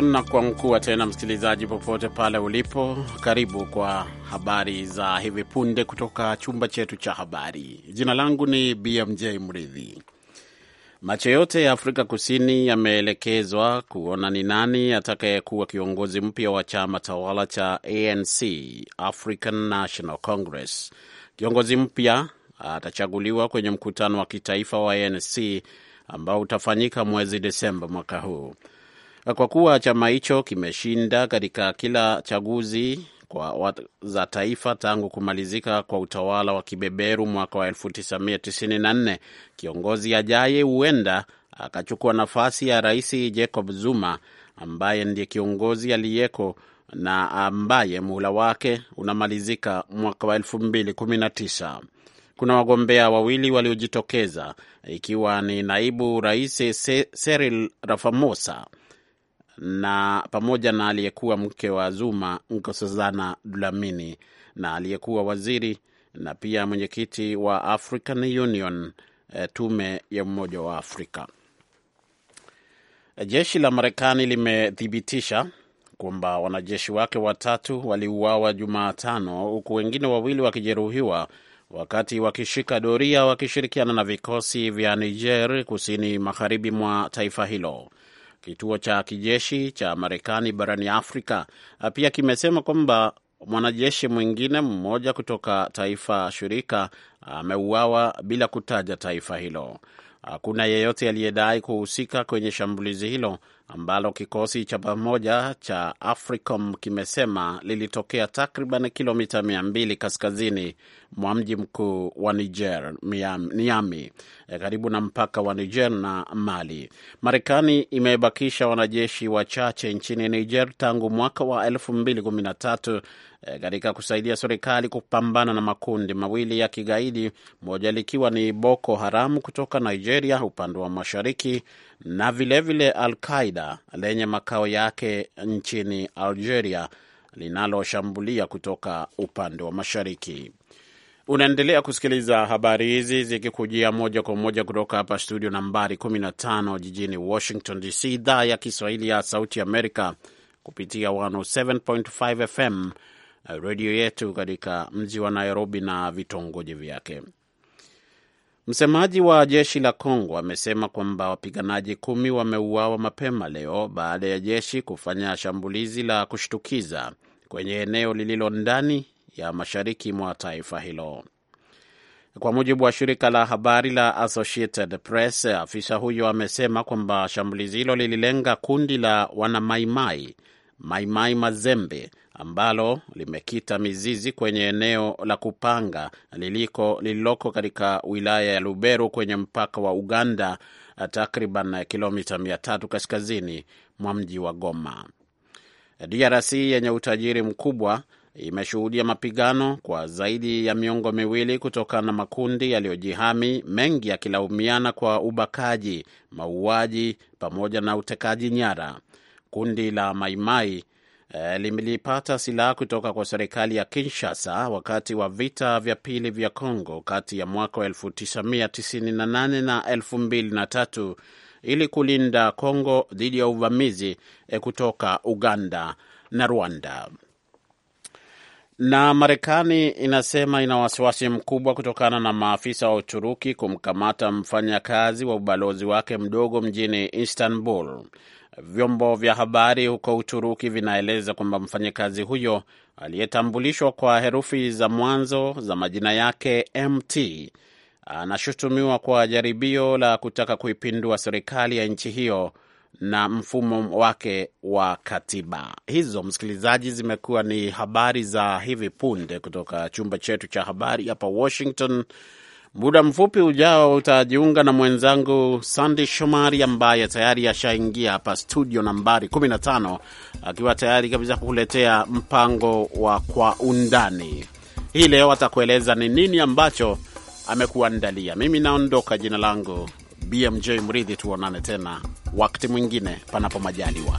Na kwa mkuu tena, msikilizaji, popote pale ulipo, karibu kwa habari za hivi punde kutoka chumba chetu cha habari. Jina langu ni BMJ Mridhi. Macho yote ya Afrika Kusini yameelekezwa kuona ni nani atakayekuwa kiongozi mpya wa chama tawala cha ANC, African National Congress. Kiongozi mpya atachaguliwa kwenye mkutano wa kitaifa wa ANC ambao utafanyika mwezi Desemba mwaka huu. Kwa kuwa chama hicho kimeshinda katika kila chaguzi kwa za taifa tangu kumalizika kwa utawala wa kibeberu mwaka wa 1994, kiongozi ajaye huenda akachukua nafasi ya Rais Jacob Zuma ambaye ndiye kiongozi aliyeko na ambaye muhula wake unamalizika mwaka wa 2019. Kuna wagombea wawili waliojitokeza ikiwa ni naibu rais Cyril Ramaphosa na pamoja na aliyekuwa mke wa Zuma Nkosazana Dlamini na aliyekuwa waziri na pia mwenyekiti wa African Union, eh, tume ya Umoja wa Afrika. Jeshi la Marekani limethibitisha kwamba wanajeshi wake watatu waliuawa Jumatano, huku wengine wawili wakijeruhiwa wakati wakishika doria wakishirikiana na vikosi vya Niger kusini magharibi mwa taifa hilo. Kituo cha kijeshi cha Marekani barani Afrika uh, pia kimesema kwamba mwanajeshi mwingine mmoja kutoka taifa shirika uh, ameuawa bila kutaja taifa hilo. Hakuna yeyote aliyedai kuhusika kwenye shambulizi hilo ambalo kikosi cha pamoja cha AFRICOM kimesema lilitokea takriban kilomita mia mbili kaskazini mwa mji mkuu wa Niger, Niami, e, karibu na mpaka wa Niger na Mali. Marekani imebakisha wanajeshi wachache nchini Niger tangu mwaka wa 2013 e, katika kusaidia serikali kupambana na makundi mawili ya kigaidi, moja likiwa ni Boko Haramu kutoka Nigeria upande wa mashariki na vilevile Al-Qaida lenye makao yake nchini Algeria linaloshambulia kutoka upande wa mashariki. Unaendelea kusikiliza habari hizi zikikujia moja kwa moja kutoka hapa studio nambari 15 jijini Washington DC, idhaa ya Kiswahili ya Sauti Amerika kupitia 107.5 FM eh, redio yetu katika mji wa Nairobi na vitongoji vyake. Msemaji wa jeshi la Kongo amesema kwamba wapiganaji kumi wameuawa mapema leo baada ya jeshi kufanya shambulizi la kushtukiza kwenye eneo lililo ndani ya mashariki mwa taifa hilo. Kwa mujibu wa shirika la habari la Associated Press, afisa huyo amesema kwamba shambulizi hilo lililenga kundi la wanamaimai Maimai Mazembe ambalo limekita mizizi kwenye eneo la kupanga liliko lililoko katika wilaya ya Lubero kwenye mpaka wa Uganda, takriban kilomita mia tatu kaskazini mwa mji wa Goma. DRC yenye utajiri mkubwa imeshuhudia mapigano kwa zaidi ya miongo miwili kutokana na makundi yaliyojihami, mengi yakilaumiana kwa ubakaji, mauaji pamoja na utekaji nyara. Kundi la Maimai eh, lilipata silaha kutoka kwa serikali ya Kinshasa wakati wa vita vya pili vya congo kati ya mwaka wa 1998 na 2003 ili kulinda Kongo dhidi ya uvamizi eh, kutoka Uganda na Rwanda. Na Marekani inasema ina wasiwasi mkubwa kutokana na maafisa wa Uturuki kumkamata mfanyakazi wa ubalozi wake mdogo mjini Istanbul. Vyombo vya habari huko Uturuki vinaeleza kwamba mfanyakazi huyo aliyetambulishwa kwa herufi za mwanzo za majina yake MT anashutumiwa kwa jaribio la kutaka kuipindua serikali ya nchi hiyo na mfumo wake wa katiba. Hizo msikilizaji, zimekuwa ni habari za hivi punde kutoka chumba chetu cha habari hapa Washington. Muda mfupi ujao utajiunga na mwenzangu Sandi Shomari ambaye tayari ashaingia hapa studio nambari 15 akiwa tayari kabisa kukuletea mpango wa Kwa Undani. Hii leo atakueleza ni nini ambacho amekuandalia. Mimi naondoka, jina langu BMJ Mridhi, tuonane tena wakati mwingine, panapo majaliwa.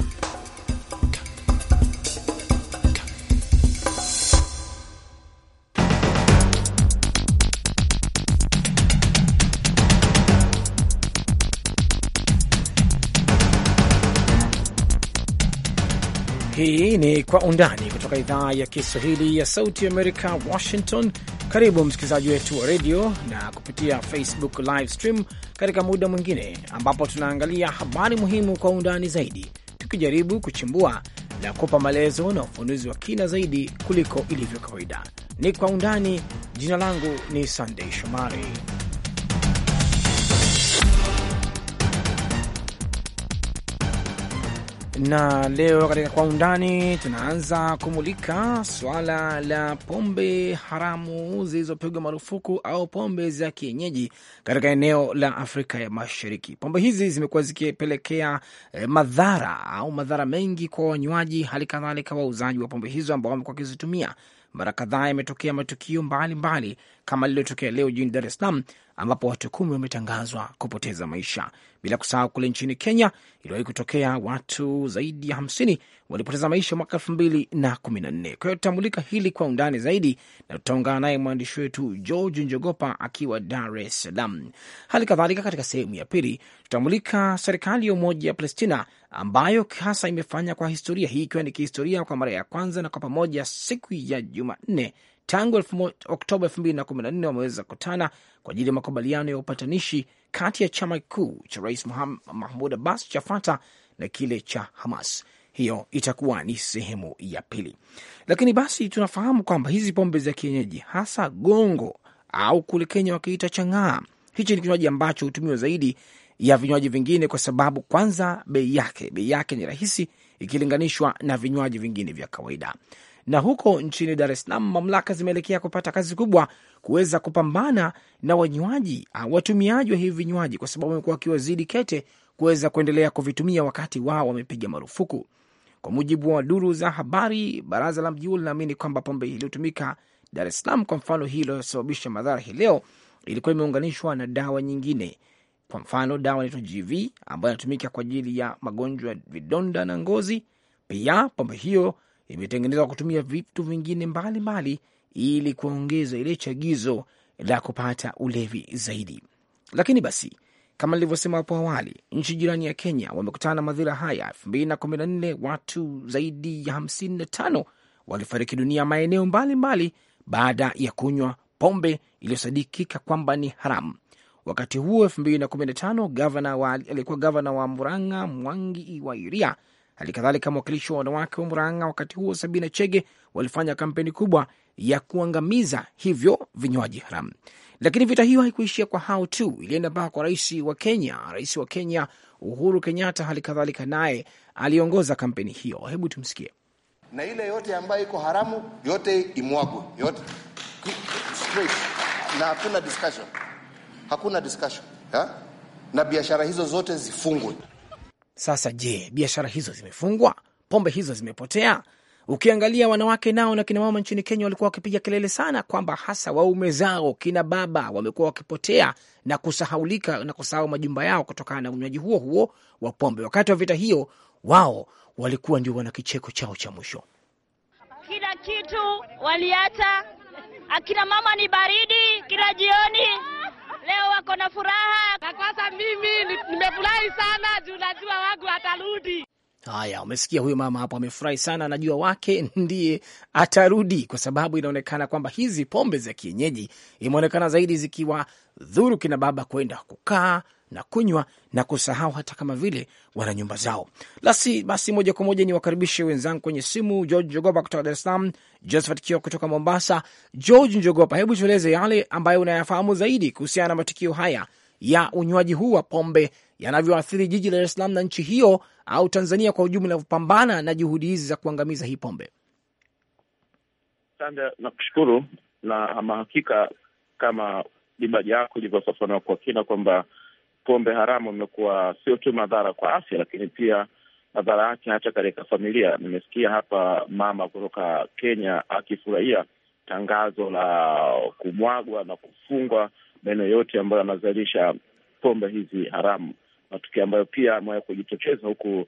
Hii ni Kwa Undani kutoka idhaa ya Kiswahili ya Sauti ya Amerika, Washington. Karibu msikilizaji wetu wa redio na kupitia Facebook live stream katika muda mwingine ambapo tunaangalia habari muhimu kwa undani zaidi, tukijaribu kuchimbua na kupa maelezo na ufunuzi wa kina zaidi kuliko ilivyo kawaida. Ni kwa undani. Jina langu ni Sandei Shomari. na leo katika Kwa Undani tunaanza kumulika swala la pombe haramu zilizopigwa marufuku au pombe za kienyeji katika eneo la Afrika ya Mashariki. Pombe hizi zimekuwa zikipelekea eh, madhara au madhara mengi kwa wanywaji, hali kadhalika wauzaji wa pombe hizo ambao wamekuwa wakizitumia mara kadhaa yametokea matukio mbalimbali kama lililotokea leo jijini Dar es Salaam ambapo watu kumi wametangazwa kupoteza maisha, bila kusahau kule nchini Kenya iliwahi kutokea watu zaidi ya hamsini walipoteza maisha mwaka elfu mbili na kumi na nne. Kwa hiyo tutamulika hili kwa undani zaidi na tutaungana naye mwandishi wetu George Njogopa akiwa Dar es Salaam. Hali kadhalika, katika sehemu ya pili tutamulika serikali ya umoja ya Palestina ambayo hasa imefanya kwa historia hii, ikiwa ni kihistoria kwa mara ya kwanza na kwa pamoja siku ya Jumanne tangu Oktoba elfu mbili na kumi na nne wameweza kukutana kwa ajili ya makubaliano ya upatanishi kati ya chama kikuu cha Rais Mahmud Abbas cha Fata na kile cha Hamas hiyo itakuwa ni sehemu ya pili. Lakini basi tunafahamu kwamba hizi pombe za kienyeji hasa gongo au kule Kenya wakiita chang'aa, hichi ni kinywaji ambacho hutumiwa zaidi ya vinywaji vingine kwa sababu kwanza, bei yake bei yake ni rahisi ikilinganishwa na vinywaji vingine vya kawaida. Na huko nchini Dar es Salaam, mamlaka zimeelekea kupata kazi kubwa kuweza kupambana na wanywaji ah, watumiaji wa hivi vinywaji, kwa sababu wamekuwa wakiwazidi kete kuweza kuendelea kuvitumia wakati wao wamepiga marufuku. Kwa mujibu wa duru za habari, baraza la mji huo linaamini kwamba pombe iliyotumika Dar es Salaam, kwa mfano hii iliyosababisha madhara hii leo, ilikuwa imeunganishwa na dawa nyingine. Kwa mfano dawa inaitwa GV ambayo inatumika kwa ajili ya magonjwa ya vidonda na ngozi. Pia pombe hiyo imetengenezwa kutumia vitu vingine mbalimbali ili kuongeza ile chagizo la kupata ulevi zaidi. Lakini basi kama nilivyosema hapo awali, nchi jirani ya Kenya wamekutana na madhira haya. elfu mbili na kumi na nne watu zaidi ya hamsini na tano walifariki dunia maeneo mbalimbali baada ya kunywa pombe iliyosadikika kwamba ni haramu. Wakati huo elfu mbili na kumi na tano gavana wa aliyekuwa gavana wa Murang'a Mwangi Iwairia Hali kadhalika mwakilishi wa wanawake wa Murang'a wakati huo Sabina Chege walifanya kampeni kubwa ya kuangamiza hivyo vinywaji haramu. Lakini vita hiyo haikuishia kwa hao tu, ilienda mpaka kwa rais wa Kenya. Rais wa Kenya Uhuru Kenyatta hali kadhalika naye aliongoza kampeni hiyo. Hebu tumsikie. Na ile yote ambayo iko haramu yote imwagwe, yote straight, na hakuna discussion, hakuna discussion ha? na biashara hizo zote zifungwe. Sasa je, biashara hizo zimefungwa? Pombe hizo zimepotea? Ukiangalia wanawake nao na kina mama nchini Kenya walikuwa wakipiga kelele sana kwamba hasa waume zao kina baba wamekuwa wakipotea na kusahaulika na kusahau majumba yao kutokana na unywaji huo huo wa pombe. Wakati wa vita hiyo, wao walikuwa ndio wana kicheko chao cha mwisho. Kila kitu waliacha, akina mama ni baridi kila jioni leo wako na furaha, na kwanza mimi nimefurahi sana juu najua wangu atarudi. Haya, umesikia huyo mama hapo, amefurahi sana, anajua wake ndiye atarudi, kwa sababu inaonekana kwamba hizi pombe za kienyeji imeonekana zaidi zikiwa dhuru kina baba kwenda kukaa na kunywa na kusahau hata kama vile wana nyumba zao. Lasi basi, moja kwa moja niwakaribishe wenzangu kwenye simu, George Njogopa kutoka Dar es Salaam, Josephat Kio kutoka Mombasa. George Njogopa, hebu tueleze yale ambayo unayafahamu zaidi kuhusiana na matukio haya ya unywaji huu wa pombe yanavyoathiri jiji la Dar es Salaam na nchi hiyo au Tanzania kwa ujumla, inavyopambana na juhudi hizi za kuangamiza hii pombe. Sande, na kushukuru, na ama hakika kama dibaji yako ilivyofafanua kwa kina kwamba pombe haramu imekuwa sio tu madhara kwa afya, lakini pia madhara yake hata katika familia. Nimesikia hapa mama kutoka Kenya akifurahia tangazo la kumwagwa na kufungwa maeneo yote ambayo yanazalisha pombe hizi haramu, matukio ambayo pia amewaa kujitokeza huku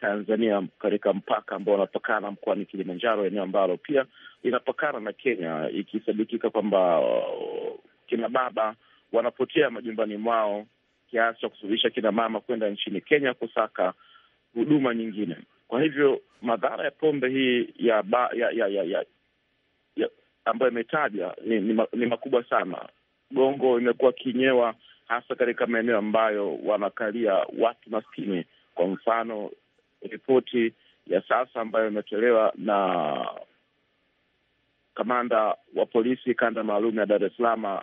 Tanzania katika mpaka ambao unapakana mkoani Kilimanjaro, eneo ambalo pia linapakana na Kenya, ikisadikika kwamba uh, kina baba wanapotea majumbani mwao kiasi cha kusuluhisha kina mama kwenda nchini Kenya kusaka huduma nyingine. Kwa hivyo madhara ya pombe hii ya ba, ya, ya, ya, ya, ya ambayo imetajwa ni, ni, ni makubwa sana. Gongo imekuwa kinyewa hasa katika maeneo ambayo wanakalia watu maskini. Kwa mfano ripoti ya sasa ambayo imetolewa na kamanda wa polisi kanda maalum ya Dar es Salaam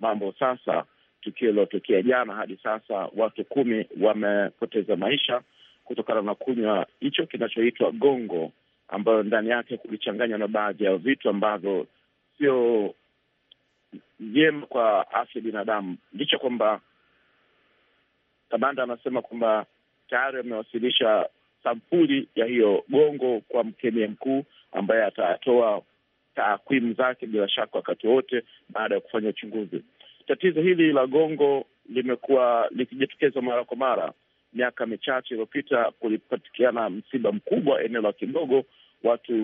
mambo sasa tukio lililotokea jana hadi sasa watu kumi wamepoteza maisha kutokana na kunywa hicho kinachoitwa gongo, ambayo ndani yake kulichanganywa na baadhi ya vitu ambavyo sio vyema kwa afya binadamu. Licha kwamba Kabanda anasema kwamba tayari amewasilisha sampuli ya hiyo gongo kwa mkemia mkuu ambaye atatoa takwimu zake bila shaka wakati wote baada ya kufanya uchunguzi. Tatizo hili la gongo limekuwa likijitokeza mara kwa mara. Miaka michache iliyopita kulipatikana msiba mkubwa eneo la Kigogo, watu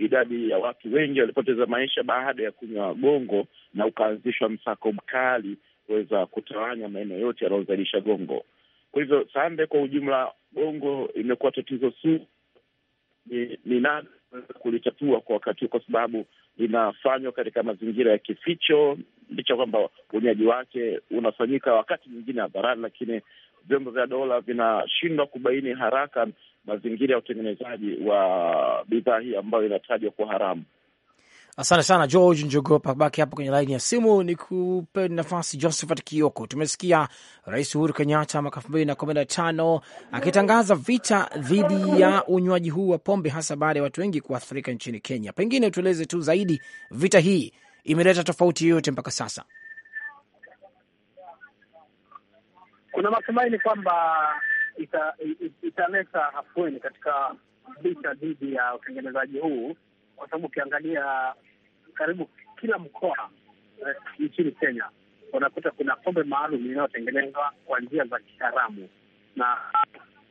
idadi ya watu wengi walipoteza maisha baada ya kunywa gongo, na ukaanzishwa msako mkali kuweza kutawanya maeneo yote yanayozalisha gongo. Kwa hivyo Sande, kwa ujumla, gongo imekuwa tatizo su ni, ni nani kulitatua kwa wakati huu, kwa sababu linafanywa katika mazingira ya kificho, licha kwamba uonyaji wake unafanyika wakati mwingine hadharani, lakini vyombo vya dola vinashindwa kubaini haraka mazingira ya utengenezaji wa bidhaa hii ambayo inatajwa kuwa haramu. Asante sana George Njogopa, baki hapo kwenye laini ya simu. Ni kupe nafasi Josephat Kioko. Tumesikia Rais Uhuru Kenyatta mwaka elfu mbili na kumi na tano akitangaza vita dhidi ya unywaji huu wa pombe, hasa baada ya watu wengi kuathirika nchini Kenya. Pengine tueleze tu zaidi vita hii imeleta tofauti yoyote mpaka sasa? Kuna matumaini kwamba italeta ita afueni katika vita dhidi ya utengenezaji huu, kwa sababu ukiangalia karibu kila mkoa eh, nchini Kenya unakuta kuna pombe maalum inayotengenezwa kwa njia za kiharamu na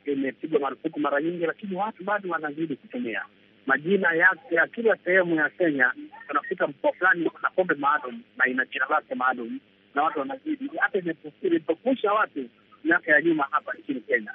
imepigwa marufuku mara nyingi, lakini watu bado wanazidi kutumia majina yake ya kila sehemu ya Kenya. Unakuta mkoa fulani na pombe maalum na ina jina lake maalum, na watu wanazidi, hata ilipokusha watu miaka ya nyuma hapa nchini Kenya.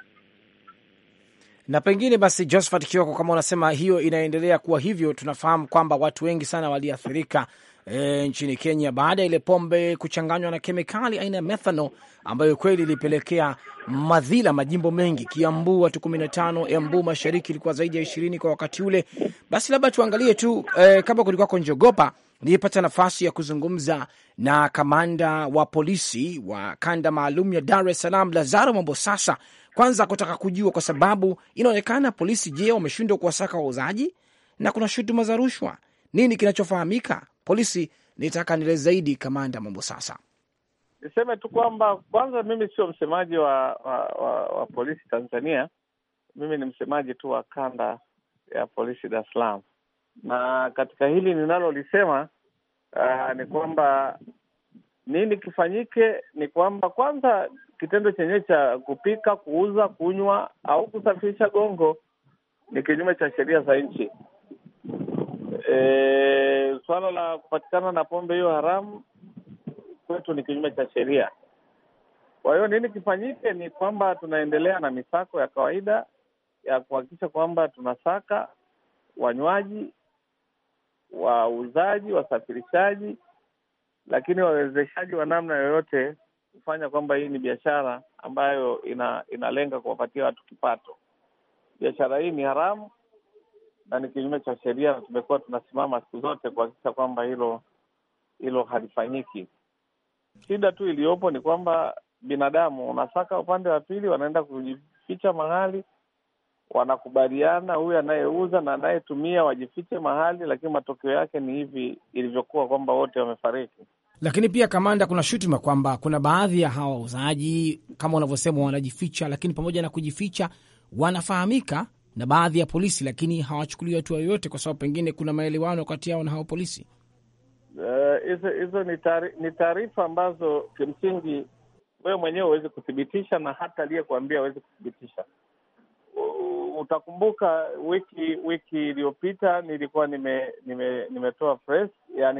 Na pengine basi, Josephat Kioko, kama unasema hiyo inaendelea kuwa hivyo, tunafahamu kwamba watu wengi sana waliathirika e, nchini Kenya baada ya ile pombe kuchanganywa na kemikali aina ya methano ambayo kweli ilipelekea madhila majimbo mengi, Kiambu watu kumi na tano, Embu mashariki ilikuwa zaidi ya ishirini kwa wakati ule. Basi labda tuangalie tu e, kama kulikuwako njogopa nilipata nafasi ya kuzungumza na kamanda wa polisi wa kanda maalum ya Dar es Salaam, Lazaro Mambosasa, kwanza kutaka kujua kwa sababu inaonekana polisi, je, wameshindwa kuwasaka wauzaji na kuna shutuma za rushwa. Nini kinachofahamika polisi. Nitaka nile zaidi kamanda mambo sasa. Niseme tu kwamba kwanza, mimi sio msemaji wa, wa, wa, wa polisi Tanzania. Mimi ni msemaji tu wa kanda ya polisi Dar es Salaam, na katika hili ninalolisema uh, ni kwamba nini kifanyike ni kwamba kwanza, kitendo chenyewe cha kupika, kuuza, kunywa au kusafirisha gongo ni kinyume cha sheria za nchi. E, suala la kupatikana na pombe hiyo haramu kwetu ni kinyume cha sheria. Kwa hiyo nini kifanyike? Ni kwamba tunaendelea na misako ya kawaida ya kuhakikisha kwamba tunasaka wanywaji, wauzaji, wasafirishaji, lakini wawezeshaji wa namna yoyote kufanya kwamba hii ni biashara ambayo ina, inalenga kuwapatia watu kipato. Biashara hii ni haramu na ni kinyume cha sheria, na tumekuwa tunasimama siku zote kuhakikisha kwamba hilo hilo halifanyiki. Shida tu iliyopo ni kwamba binadamu unasaka upande wa pili, wanaenda kujificha mahali, wanakubaliana huyu anayeuza na anayetumia wajifiche mahali, lakini matokeo yake ni hivi ilivyokuwa kwamba wote wamefariki. Lakini pia kamanda, kuna shutuma kwamba kuna baadhi ya hawa wauzaji kama unavyosema wanajificha, lakini pamoja na kujificha wanafahamika na baadhi ya polisi, lakini hawachukuliwa hatua yoyote, kwa sababu pengine kuna maelewano kati yao na hao polisi. Eh, hizo uh, ni taarifa ambazo kimsingi wewe mwenyewe huwezi kuthibitisha na hata aliyekuambia huwezi kuthibitisha. Utakumbuka wiki wiki iliyopita nilikuwa nime, nime, nimetoa press,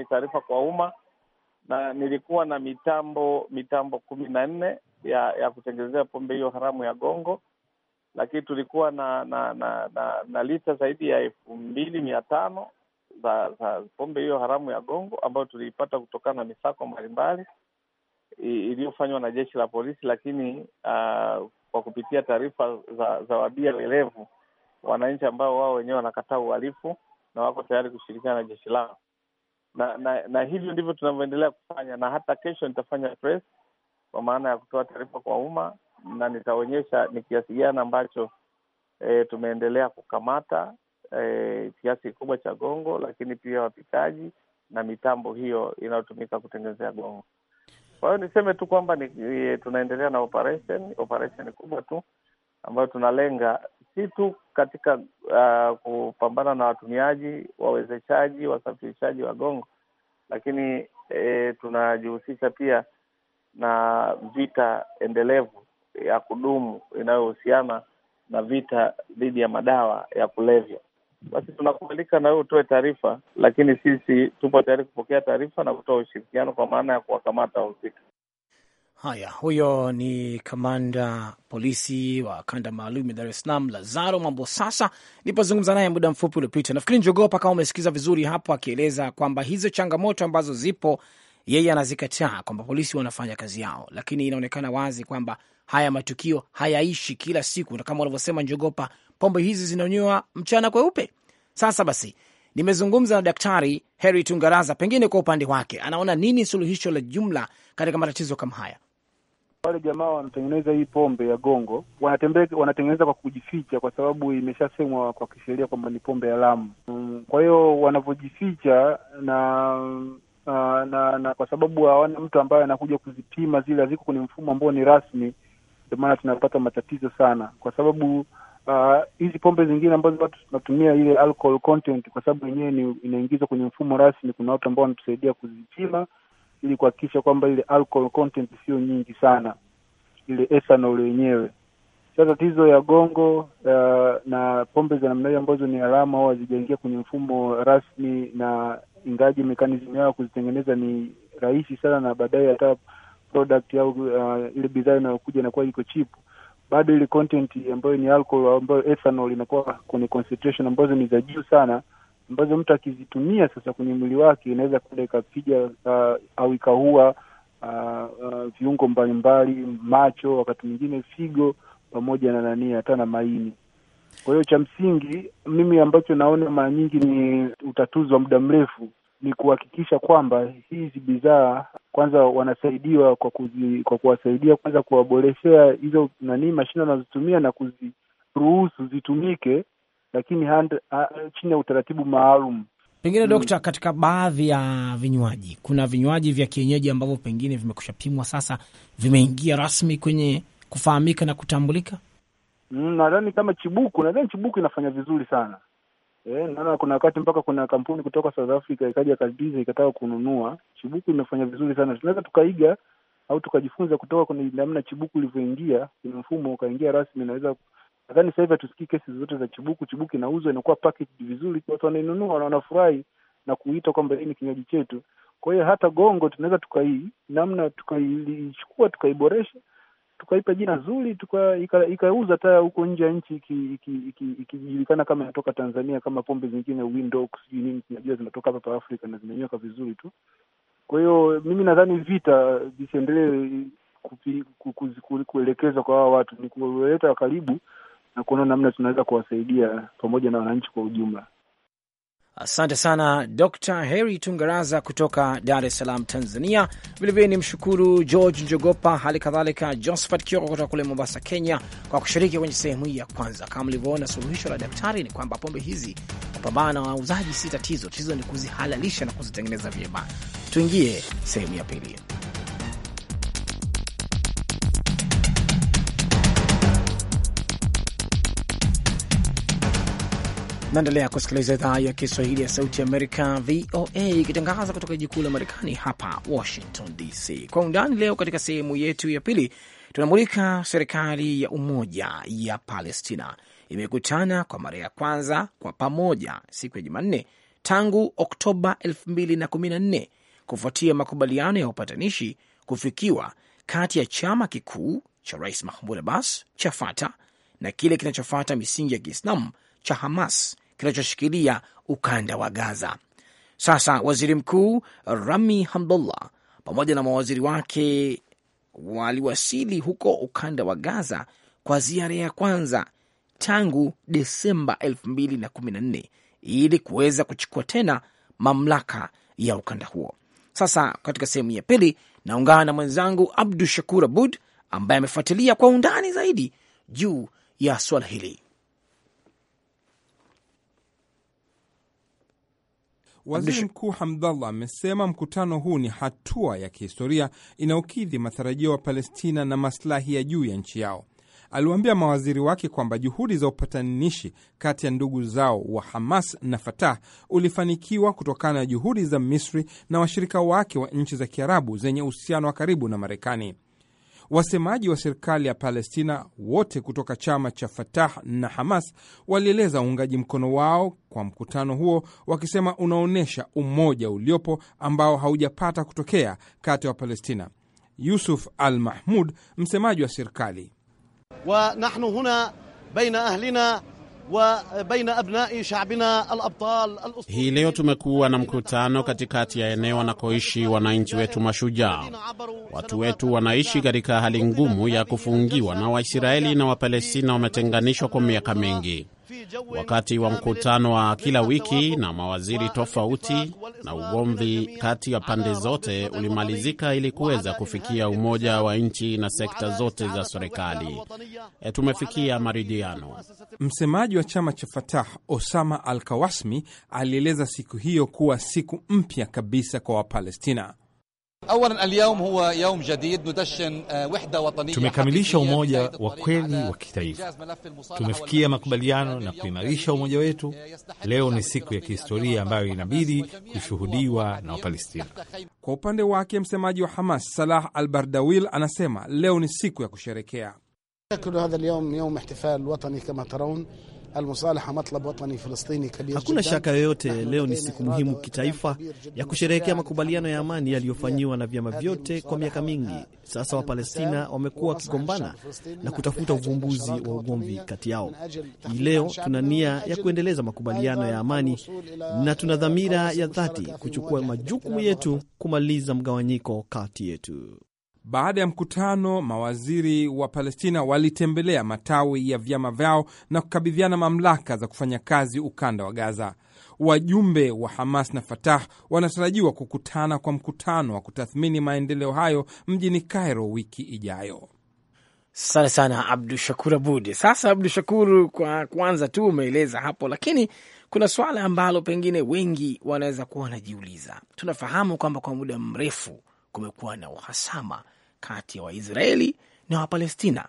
taarifa kwa umma, na nilikuwa na mitambo mitambo kumi na nne ya ya kutengenezea pombe hiyo haramu ya gongo lakini tulikuwa na na na, na, na lita zaidi ya elfu mbili mia tano za za pombe hiyo haramu ya gongo ambayo tuliipata kutokana na misako mbalimbali iliyofanywa na jeshi la polisi, lakini uh, kwa kupitia taarifa za, za wabia werevu, wananchi ambao wao wenyewe wanakataa uhalifu na wako tayari kushirikiana na jeshi lao, na na, na hivyo ndivyo tunavyoendelea kufanya, na hata kesho nitafanya press kwa maana ya kutoa taarifa kwa umma na nitaonyesha ni kiasi gani ambacho e, tumeendelea kukamata e, kiasi kikubwa cha gongo, lakini pia wapikaji na mitambo hiyo inayotumika kutengenezea gongo. Kwa hiyo niseme tu kwamba ni, e, tunaendelea na operation operation kubwa tu ambayo tunalenga si tu katika uh, kupambana na watumiaji, wawezeshaji, wasafirishaji wa gongo, lakini e, tunajihusisha pia na vita endelevu ya kudumu inayohusiana na vita dhidi ya madawa ya kulevya. Basi tunakubalika na wewe utoe taarifa, lakini sisi tupo tayari kupokea taarifa na kutoa ushirikiano kwa maana ya kuwakamata wahusika. Haya, huyo ni kamanda polisi wa kanda maalum ya Dar es Salaam, Lazaro mambo sasa nipozungumza naye muda mfupi uliopita, nafikiri Njogopa, kama umesikiza vizuri hapo, akieleza kwamba hizo changamoto ambazo zipo yeye anazikataa kwamba polisi wanafanya kazi yao, lakini inaonekana wazi kwamba haya matukio hayaishi kila siku, na kama wanavyosema njogopa, pombe hizi zinanywa mchana kweupe. Sasa basi, nimezungumza na Daktari Heri Tungaraza, pengine kwa upande wake anaona nini suluhisho la jumla katika matatizo kama haya. Wale jamaa wanatengeneza hii pombe ya gongo wanatembea, wanatengeneza kwa kujificha, kwa sababu imeshasemwa kwa kisheria kwamba ni pombe haramu. Mm, kwa hiyo wanavyojificha na na, na na kwa sababu hawana mtu ambaye anakuja kuzipima, zile haziko kwenye mfumo ambao ni rasmi ndio maana tunapata matatizo sana, kwa sababu ah, hizi uh, pombe zingine ambazo watu tunatumia ile alcohol content, kwa sababu yenyewe inaingizwa kwenye mfumo rasmi. Kuna watu ambao wanatusaidia kuzipima ili kuhakikisha kwamba ile alcohol content sio nyingi sana, ile ethanol yenyewe. Sasa tatizo ya gongo uh, na pombe za namna hiyo ambazo ni alama au hazijaingia kwenye mfumo rasmi, na ingaji mekanizimu yao kuzitengeneza ni rahisi sana, na baadaye hata product au uh, ile bidhaa inayokuja inakuwa iko cheap, bado ile content ambayo ni alcohol ambayo ethanol inakuwa kwenye concentration ambazo ni za juu sana, ambazo mtu akizitumia sasa kwenye mwili wake inaweza kwenda ikapiga uh, au ikaua uh, uh, viungo mbalimbali, macho, wakati mwingine figo, pamoja na nani, hata na maini. Kwa hiyo cha msingi mimi ambacho naona mara nyingi ni utatuzi wa muda mrefu ni kuhakikisha kwamba hizi bidhaa kwanza wanasaidiwa kwa kuzi, kwa kuwasaidia kwanza kuwaboreshea hizo nani mashine wanazotumia na kuziruhusu zitumike, lakini hand, ha, chini ya utaratibu maalum. Pengine hmm. dokta, katika baadhi ya vinywaji kuna vinywaji vya kienyeji ambavyo pengine vimekusha pimwa sasa vimeingia rasmi kwenye kufahamika na kutambulika. Mm, nadhani kama chibuku, nadhani chibuku inafanya vizuri sana Eh, naona kuna wakati mpaka kuna kampuni kutoka South Africa ikaja kabisa ikataka kununua Chibuku. Imefanya vizuri sana, tunaweza tukaiga au tukajifunza kutoka kwenye namna Chibuku ilivyoingia kwenye mfumo ukaingia rasmi. Naweza nadhani sasa hivi hatusikii kesi zote za Chibuku. Chibuku inauzwa inakuwa packaged vizuri, watu wanainunua na wanafurahi na kuita kwamba hii ni kinywaji chetu. Kwa hiyo hata gongo tunaweza tukai namna tukaichukua tukaiboresha tukaipa jina zuri ikauza hata huko nje ya nchi ikijulikana kama inatoka Tanzania, kama pombe zingine Windox sijui nini, zinajua zinatoka hapa Afrika na zimenyweka vizuri tu. Kwa hiyo mimi nadhani vita visiendelee kuelekezwa kwa hawa watu, ni kuleta karibu na kuona namna tunaweza kuwasaidia pamoja na wananchi kwa ujumla. Asante sana Dr hery Tungaraza kutoka Dar es Salaam, Tanzania. Vilevile ni mshukuru George Njogopa, hali kadhalika Josephat Kioko kutoka kule Mombasa, Kenya, kwa kushiriki kwenye sehemu hii ya kwanza. Kama mlivyoona, suluhisho la daktari ni kwamba pombe hizi, kupambana na wauzaji si tatizo, tatizo ni kuzihalalisha na kuzitengeneza vyema. Tuingie sehemu ya pili. Naendelea kusikiliza idhaa ya Kiswahili ya Sauti Amerika, VOA, ikitangaza kutoka jiji kuu la Marekani, hapa Washington DC. Kwa undani leo, katika sehemu yetu ya pili, tunamulika serikali ya umoja ya Palestina imekutana kwa mara ya kwanza kwa pamoja siku ya Jumanne tangu Oktoba 2014 kufuatia makubaliano ya upatanishi kufikiwa kati ya chama kikuu cha Rais Mahmud Abbas cha Fata na kile kinachofuata misingi ya Kiislamu cha Hamas kinachoshikilia ukanda wa Gaza. Sasa waziri mkuu Rami Hamdullah pamoja na mawaziri wake waliwasili huko ukanda wa Gaza kwa ziara ya kwanza tangu Desemba 2014 ili kuweza kuchukua tena mamlaka ya ukanda huo. Sasa katika sehemu ya pili naungana na mwenzangu Abdu Shakur Abud ambaye amefuatilia kwa undani zaidi juu ya swala hili. Waziri Mkuu Hamdallah amesema mkutano huu ni hatua ya kihistoria inayokidhi matarajio wa Palestina na maslahi ya juu ya nchi yao. Aliwaambia mawaziri wake kwamba juhudi za upatanishi kati ya ndugu zao wa Hamas na Fatah ulifanikiwa kutokana na juhudi za Misri na washirika wake wa nchi za Kiarabu zenye uhusiano wa karibu na Marekani. Wasemaji wa serikali ya Palestina wote kutoka chama cha Fatah na Hamas walieleza uungaji mkono wao kwa mkutano huo, wakisema unaonyesha umoja uliopo ambao haujapata kutokea kati ya Wapalestina. Yusuf Al Mahmud, msemaji wa serikali: wa nahnu huna baina ahlina wa baina abnai shabina alabtal. Hii leo tumekuwa na mkutano katikati ya eneo wanakoishi wananchi wetu mashujaa. Watu wetu wanaishi katika hali ngumu ya kufungiwa na Waisraeli na Wapalestina wametenganishwa kwa miaka mingi wakati wa mkutano wa kila wiki na mawaziri tofauti, na ugomvi kati ya pande zote ulimalizika ili kuweza kufikia umoja wa nchi na sekta zote za serikali. E, tumefikia maridhiano. Msemaji wa chama cha Fatah Osama Al Kawasmi alieleza siku hiyo kuwa siku mpya kabisa kwa Wapalestina. Tumekamilisha umoja wa kweli wa kitaifa, tumefikia makubaliano na kuimarisha umoja wetu. Leo ni siku ya kihistoria ambayo inabidi kushuhudiwa na Wapalestina. Kwa upande wake, msemaji wa Hamas Salah al Bardawil anasema leo ni siku ya kusherekea. Almusalaha matlab watani filistini kabir. Hakuna shaka yoyote, leo ni siku muhimu kitaifa ya kusherehekea makubaliano ya amani yaliyofanyiwa na vyama vyote kwa miaka mingi sasa. Wapalestina wamekuwa wakigombana na kutafuta uvumbuzi wa ugomvi kati yao. Hii leo tuna nia ya kuendeleza makubaliano ya amani na tuna dhamira ya dhati kuchukua majukumu yetu kumaliza mgawanyiko kati yetu. Baada ya mkutano, mawaziri wa Palestina walitembelea matawi ya vyama vyao na kukabidhiana mamlaka za kufanya kazi ukanda wa Gaza. Wajumbe wa Hamas na Fatah wanatarajiwa kukutana kwa mkutano wa kutathmini maendeleo hayo mjini Cairo wiki ijayo. Asante sana Abdu Shakur Abud. Sasa Abdu Shakur, kwa kwanza tu umeeleza hapo, lakini kuna swala ambalo pengine wengi wanaweza kuwa wanajiuliza. Tunafahamu kwamba kwa muda mrefu kumekuwa na uhasama kati ya wa Waisraeli na Wapalestina.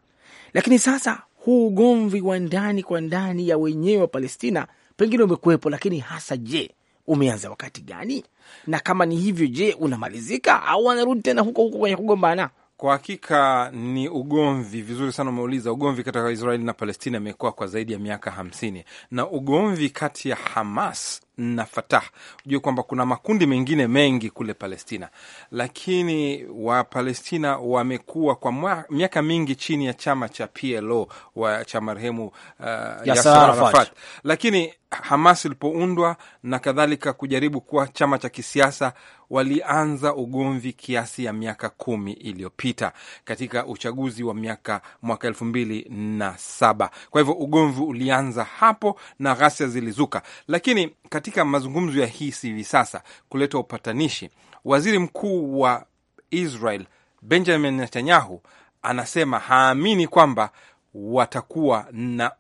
Lakini sasa huu ugomvi wa ndani kwa ndani ya wenyewe wa Palestina pengine umekuwepo, lakini hasa, je, umeanza wakati gani? Na kama ni hivyo, je, unamalizika au wanarudi tena huko huko kwenye kugombana? Kwa hakika ni ugomvi. Vizuri sana umeuliza. Ugomvi kati ya Israeli na Palestina imekuwa kwa zaidi ya miaka hamsini, na ugomvi kati ya Hamas na Fatah. Ujue kwamba kuna makundi mengine mengi kule Palestina, lakini Wapalestina wamekuwa kwa miaka mingi chini ya chama cha PLO wa cha marehemu uh, Yasser Arafat, lakini Hamas ilipoundwa na kadhalika kujaribu kuwa chama cha kisiasa walianza ugomvi kiasi ya miaka kumi iliyopita katika uchaguzi wa miaka mwaka elfu mbili na saba. Kwa hivyo ugomvi ulianza hapo na ghasia zilizuka, lakini katika mazungumzo ya hii hivi sasa kuleta upatanishi, waziri mkuu wa Israel Benjamin Netanyahu anasema haamini kwamba watakuwa na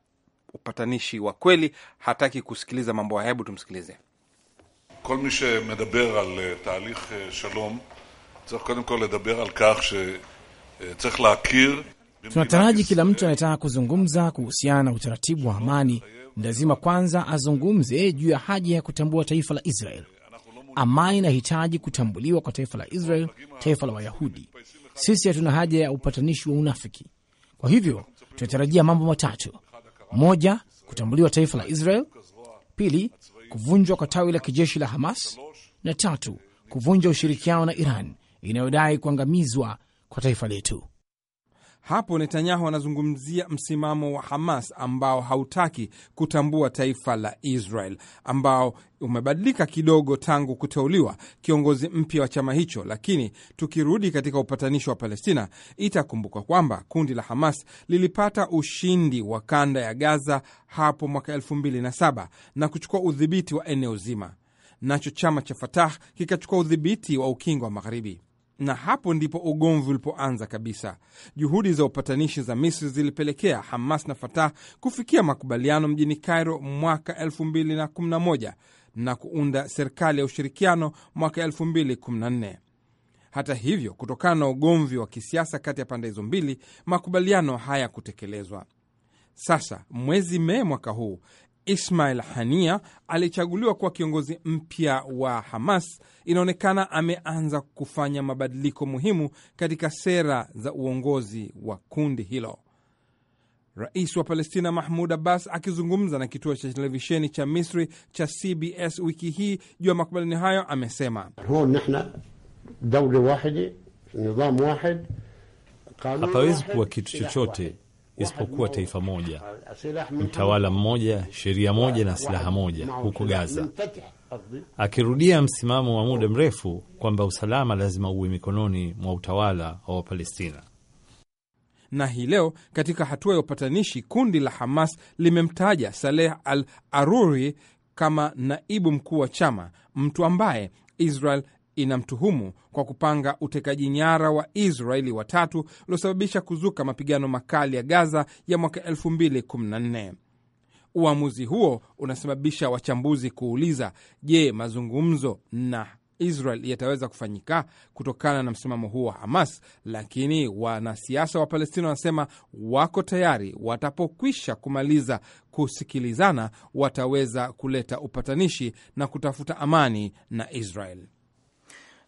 upatanishi wa kweli. Hataki kusikiliza mambo haya. Hebu tumsikilize. kol mi shemedaber al shalom tsarikh kodem kol ledaber al kakh shetsarikh Tunataraji kila mtu anayetaka kuzungumza kuhusiana na utaratibu wa amani ni lazima kwanza azungumze juu ya haja ya kutambua taifa la Israel. Amani inahitaji kutambuliwa kwa taifa la Israel, taifa la Wayahudi. Sisi hatuna haja ya upatanishi wa unafiki. Kwa hivyo tunatarajia mambo matatu: moja, kutambuliwa taifa la Israel; pili, kuvunjwa kwa tawi la kijeshi la Hamas; na tatu, kuvunja ushirikiano na Iran inayodai kuangamizwa kwa taifa letu. Hapo Netanyahu anazungumzia msimamo wa Hamas ambao hautaki kutambua taifa la Israel, ambao umebadilika kidogo tangu kuteuliwa kiongozi mpya wa chama hicho. Lakini tukirudi katika upatanishi wa Palestina, itakumbuka kwamba kundi la Hamas lilipata ushindi wa kanda ya Gaza hapo mwaka 2007 na kuchukua udhibiti wa eneo zima, nacho chama cha Fatah kikachukua udhibiti wa ukingo wa Magharibi na hapo ndipo ugomvi ulipoanza kabisa. Juhudi za upatanishi za Misri zilipelekea Hamas na Fatah kufikia makubaliano mjini Cairo mwaka 2011 na kuunda serikali ya ushirikiano mwaka 2014. Hata hivyo, kutokana na ugomvi wa kisiasa kati ya pande hizo mbili, makubaliano hayakutekelezwa. Sasa mwezi Mei mwaka huu Ismail Hania aliyechaguliwa kuwa kiongozi mpya wa Hamas, inaonekana ameanza kufanya mabadiliko muhimu katika sera za uongozi wa kundi hilo. Rais wa Palestina Mahmud Abbas akizungumza na kituo cha televisheni cha Misri cha CBS wiki hii juu ya makubaliano hayo amesema, hapawezi kuwa kitu chochote isipokuwa taifa moja, mtawala mmoja, sheria moja na silaha moja huko Gaza, akirudia msimamo wa muda mrefu kwamba usalama lazima uwe mikononi mwa utawala wa Wapalestina. Na hii leo katika hatua ya upatanishi, kundi la Hamas limemtaja Saleh al Aruri kama naibu mkuu wa chama, mtu ambaye Israel inamtuhumu kwa kupanga utekaji nyara wa Israeli watatu uliosababisha kuzuka mapigano makali ya Gaza ya mwaka 2014. Uamuzi huo unasababisha wachambuzi kuuliza, je, mazungumzo na Israel yataweza kufanyika kutokana na msimamo huo wa Hamas? Lakini wanasiasa wa Palestina wanasema wako tayari, watapokwisha kumaliza kusikilizana wataweza kuleta upatanishi na kutafuta amani na Israel.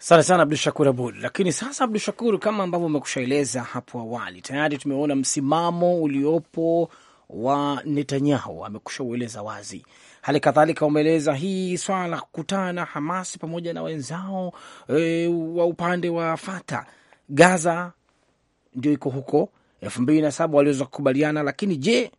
Asante sana Abdu Shakur Abud. Lakini sasa, Abdu Shakur, kama ambavyo umekushaeleza hapo awali, tayari tumeona msimamo uliopo wa Netanyahu, amekusha ueleza wazi. Hali kadhalika umeeleza hii swala la kukutana na Hamasi pamoja na wenzao e, wa upande wa Fata. Gaza ndio iko huko, elfu mbili na saba waliweza kukubaliana, lakini je,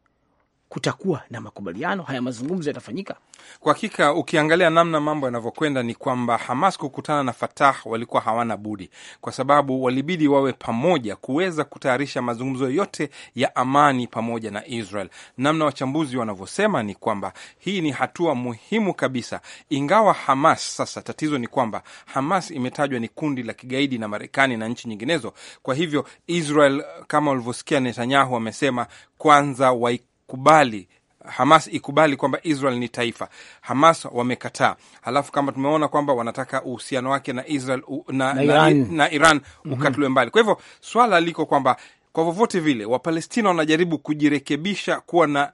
kutakuwa na makubaliano haya, mazungumzo yatafanyika kwa hakika. Ukiangalia namna mambo yanavyokwenda, ni kwamba Hamas kukutana na Fatah walikuwa hawana budi, kwa sababu walibidi wawe pamoja kuweza kutayarisha mazungumzo yote ya amani pamoja na Israel. Namna wachambuzi wanavyosema ni kwamba hii ni hatua muhimu kabisa, ingawa Hamas sasa, tatizo ni kwamba Hamas imetajwa ni kundi la kigaidi na Marekani na nchi nyinginezo. Kwa hivyo Israel, kama ulivyosikia Netanyahu amesema, kwanza waik kubali Hamas ikubali kwamba Israel ni taifa. Hamas wamekataa. alafu kama tumeona kwamba wanataka uhusiano wake na Israel na, na Iran, na Iran mhm. ukatiliwe mm -hmm. mbali. Kwa hivyo swala liko kwamba kwa vyovyote vile Wapalestina wanajaribu kujirekebisha kuwa na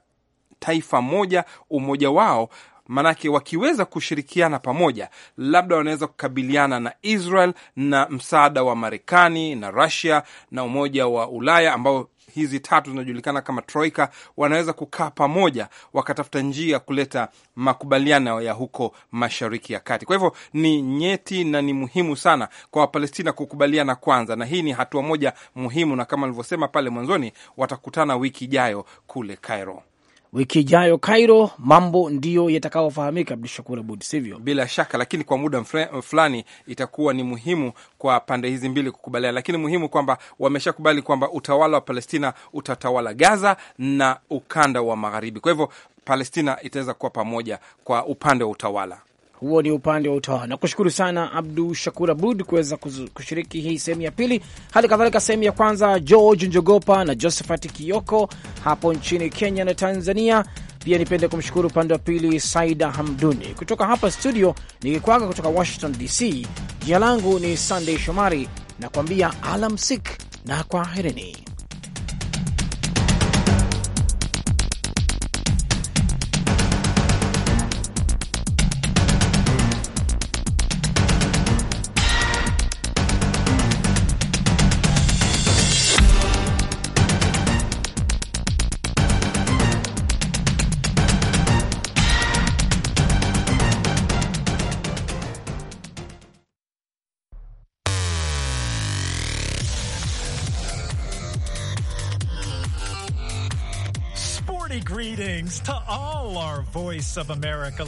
taifa moja, umoja wao Maanake wakiweza kushirikiana pamoja, labda wanaweza kukabiliana na Israel na msaada wa Marekani na Rusia na Umoja wa Ulaya ambao hizi tatu zinajulikana kama troika, wanaweza kukaa pamoja wakatafuta njia ya kuleta makubaliano ya huko Mashariki ya Kati. Kwa hivyo ni nyeti na ni muhimu sana kwa Wapalestina kukubaliana kwanza, na hii ni hatua moja muhimu, na kama alivyosema pale mwanzoni, watakutana wiki ijayo kule Cairo wiki ijayo Cairo, mambo ndiyo yatakayofahamika, Abdu Shakur Abud, sivyo? Bila shaka, lakini kwa muda fulani itakuwa ni muhimu kwa pande hizi mbili kukubaliana, lakini muhimu kwamba wameshakubali kwamba utawala wa Palestina utatawala Gaza na ukanda wa Magharibi. Kwa hivyo Palestina itaweza kuwa pamoja kwa upande wa utawala. Huo ni upande wa utawala. Nakushukuru sana Abdu Shakur Abud kuweza kushiriki hii sehemu ya pili, hali kadhalika sehemu ya kwanza George Njogopa na Josephat Kioko hapo nchini Kenya na Tanzania. Pia nipende kumshukuru upande wa pili Saida Hamduni kutoka hapa studio, nikikwaga kutoka Washington DC. Jina langu ni Sandey Shomari, kuambia alamsik na kwaherini. all our Voice of America